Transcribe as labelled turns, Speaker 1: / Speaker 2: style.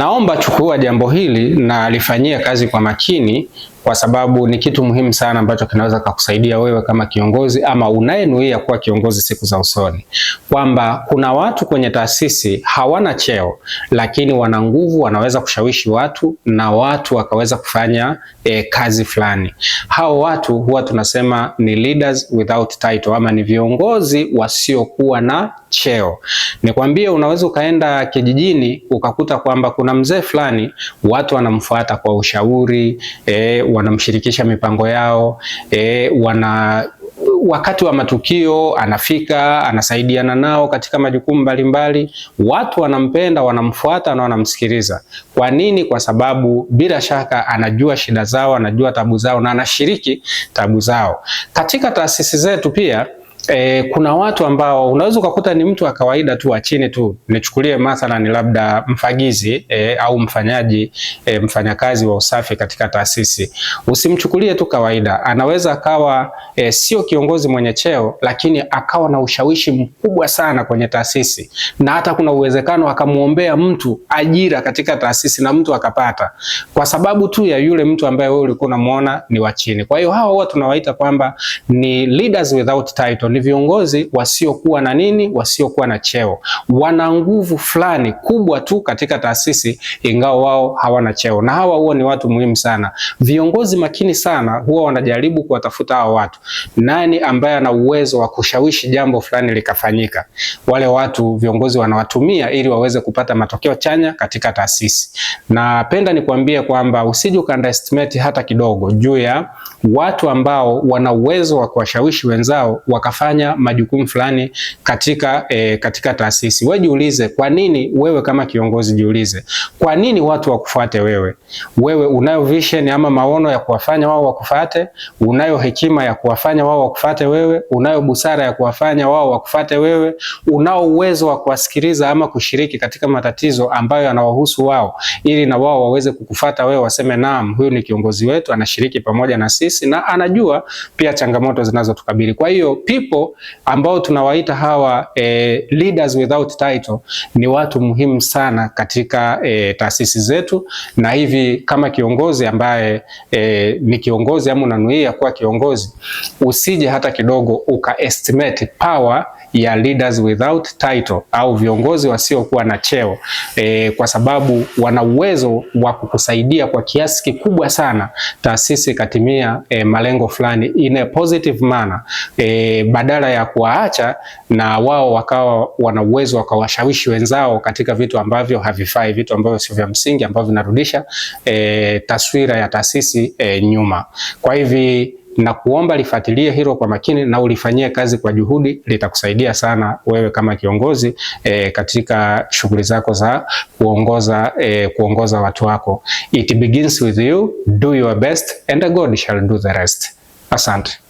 Speaker 1: Naomba chukua jambo hili na alifanyia kazi kwa makini kwa sababu ni kitu muhimu sana ambacho kinaweza kukusaidia wewe kama kiongozi ama unayenuia kuwa kiongozi siku za usoni, kwamba kuna watu kwenye taasisi hawana cheo, lakini wana nguvu, wanaweza kushawishi watu na watu wakaweza kufanya e, kazi fulani. Hao watu huwa tunasema ni leaders without title, ama ni viongozi wasiokuwa na cheo. Nikwambie, unaweza ukaenda kijijini ukakuta kwamba kuna mzee fulani watu wanamfuata kwa ushauri e, wanamshirikisha mipango yao e, wana wakati wa matukio anafika, anasaidiana nao katika majukumu mbalimbali. Watu wanampenda, wanamfuata na wanamsikiliza. Kwa nini? Kwa sababu bila shaka anajua shida zao, anajua tabu zao na anashiriki tabu zao. Katika taasisi zetu pia E, kuna watu ambao unaweza ukakuta ni mtu wa kawaida tu wa chini tu, nichukulie ni labda mfagizi e, au mfanyaji e, mfanyakazi wa usafi katika taasisi. Usimchukulie tu kawaida, anaweza akawa e, sio kiongozi mwenye cheo, lakini akawa na ushawishi mkubwa sana kwenye taasisi, na hata kuna uwezekano akamuombea mtu ajira katika taasisi na mtu akapata, kwa sababu tu ya yule mtu ambaye wewe ulikuwa unamuona ni wa chini. Kwa hiyo hawa huwa tunawaita kwamba ni leaders without title ni viongozi wasiokuwa na nini, wasiokuwa na cheo. Wana nguvu fulani kubwa tu katika taasisi, ingawa wao hawana cheo, na hawa huwa ni watu muhimu sana. Viongozi makini sana huwa wanajaribu kuwatafuta hawa watu, nani ambaye ana uwezo wa kushawishi jambo fulani likafanyika. Wale watu viongozi wanawatumia ili waweze kupata matokeo chanya katika taasisi. Napenda nikuambie kwamba usije ukaunderestimate hata kidogo juu ya watu ambao wana uwezo wa kuwashawishi wenzao wakafanya anafanya majukumu fulani katika, e, katika taasisi. Wewe jiulize kwa nini wewe kama kiongozi jiulize. Kwa nini watu wakufuate wewe? Wewe unayo vision ama maono ya kuwafanya wao wakufuate? Unayo hekima ya kuwafanya wao wakufuate wewe? Unayo busara ya kuwafanya wao wakufuate wewe? Unao uwezo wa kuwasikiliza ama kushiriki katika matatizo ambayo yanawahusu wao ili na wao waweze kukufuata wewe, waseme naam, huyu ni kiongozi wetu, anashiriki pamoja na sisi na anajua pia changamoto zinazotukabili. Kwa hiyo people people ambao tunawaita hawa eh, leaders without title ni watu muhimu sana katika eh, taasisi zetu, na hivi kama kiongozi ambaye eh, ni kiongozi ama unanuia kuwa kiongozi, usije hata kidogo ukaestimate power ya leaders without title au viongozi wasiokuwa na cheo e, kwa sababu wana uwezo wa kukusaidia kwa kiasi kikubwa sana taasisi ikatimia e, malengo fulani in a positive manner e, badala ya kuwaacha na wao wakawa wana uwezo wakawashawishi wenzao katika vitu ambavyo havifai, vitu ambavyo sio vya msingi ambavyo vinarudisha e, taswira ya taasisi e, nyuma. Kwa hivi na kuomba lifuatilie hilo kwa makini na ulifanyie kazi kwa juhudi, litakusaidia sana wewe kama kiongozi e, katika shughuli zako za kuongoza e, kuongoza watu wako. It begins with you, do your best and God shall do the rest. Asante.